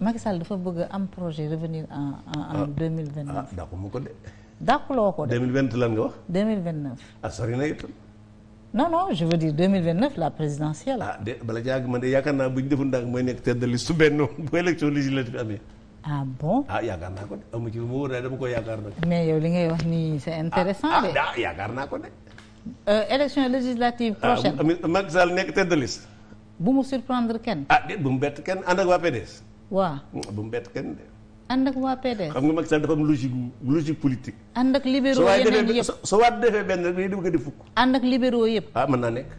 Macky Sall dafa bëgg am projet revenir en en en ah. deux mille ah dàqu ma ko de. loo ko de. deux mille vingt lan nga wax. deux mille vingt neuf. ah sori na itam. non non je veux dire la présidentielle. ah de bala jàng man de yaakaar naa bu mooy nekk tête de liste su benn bu élection législative amee. Ah, ah, yaakaar naa ko de amu ci lu yow li ngay wax nii c'est intéressant de. ah yaakaar naa ko de. Euh, élection législative prochaine. ah nekk tête de bu mu surprendre kenn. ah déet bu mu bett kenn ànd ak waa PDS. waaw bu mu bett kenn de. and ak waa PDS. xam nga Macky Sall dafa am logique politique. ànd ak libéraux yeneen yëpp soo waat defee benn rek dañuy bëgg a def fukk. ànd ak libéraux yëpp. ah mën naa nekk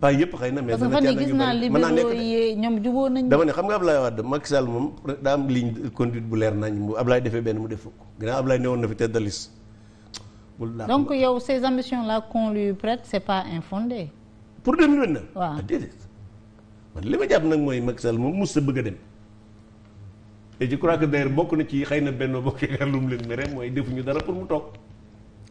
pas yëpp xëy na. mais parce que fan yii gis naa libéraux yi ñoom jubóo nañu. dama ne xam nga Ablaye Wade Macky Sall moom daa am ligne de bu leer nañ bu Ablaye defee benn mu def fukk ginnaaw Ablaye newoon na fi tête de liste. donc yow ces ambitions là qu'on lui prête c'est pas infondé. pour 2029. waaw ah, déedéet man li ma jàpp nag mooy Macky moom mos sa bëgg dem et je crois que bokk na ci xëy na benn bokk yaakaar lu leen mere mooy defuñu dara pour mu toog.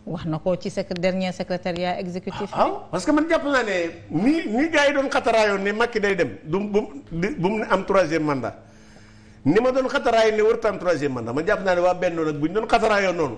wax na ko ci sec dernier secrétariat exécutif. Ah, ah parce que man jàpp naa ne nii nii gars yi doon xataraayoon ne Macky day dem du bu bu mu am troisième mandat ni ma doon xataraayoon ne warut am troisième mandat man jàpp naa ne waa benn nag bu ñu doon xataraayoon noonu.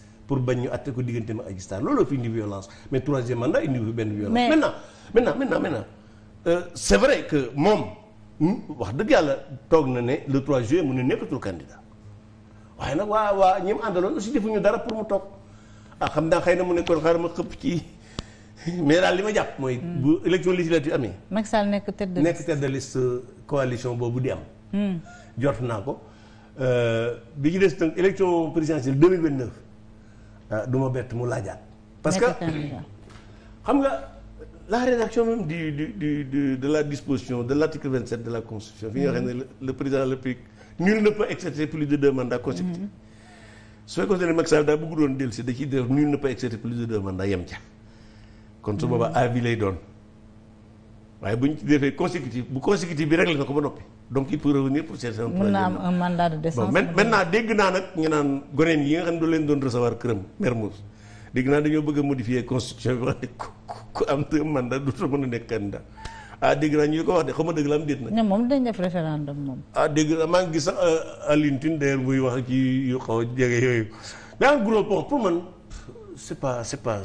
pour bañ ñu àtte ko diggante ma ak gis looloo fi indi violence mais troisième mandat indi fi benn violence. maintenant maintenant maintenant maintenant euh, c' est vrai que moom hmm, wax dëgg yàlla toog na ne le 3 juillet mu ne nekkatul candidat waaye nag waa waa ñi mu àndaloon aussi defuñu dara pour mu toog ah xam naa xëy na mu nekkoon xaaral ma xëpp ci. mais daal li ma jàpp mooy. Hmm. bu élection législative amee. Macky Sall nekk tête de liste nekk tête de liste coalition boobu di am. Hmm. jort naa ko euh, bi ñu des nag élection présidentielle 2029. Ah, du ma bett mu laajaat. parce que xam nga la rédaction même du du du du de la disposition de l' article 27 de la constitution. fi nga xam ne le président de la République nul ne peut exercer plus de deux mandats consécutifs. Mm-hmm. su fekkoon ne Macky Sall daa bëgg doon dellu si da ciy def nul ne peut exercer plus de deux mandats yem ca. kon su boobaa mm-hmm. avis lay doon waaye bu ñu ci defee consécutif bu consécutif bi réglé na ko ba noppi. donc il peut revenir pour chercher un projet. mën naa am un mandat de décence. dégg naa nag ñu goneen yi nga xam ne du leen doon recevoir këram Mermoz dégg naa dañoo bëgg a modifier constitution bi wax ne ku am deux mandat dootoo mën a nekk candidat ah, dégg naa ñu ko wax de xam nga la am déet nag. ñoom moom dañ def référendum moom. ah dégg naa maa ngi gis sax euh, Alioune Tine d'ailleurs muy wax ci yu xaw a jege yooyu mais en gros bon pour man c'est pas c'est pas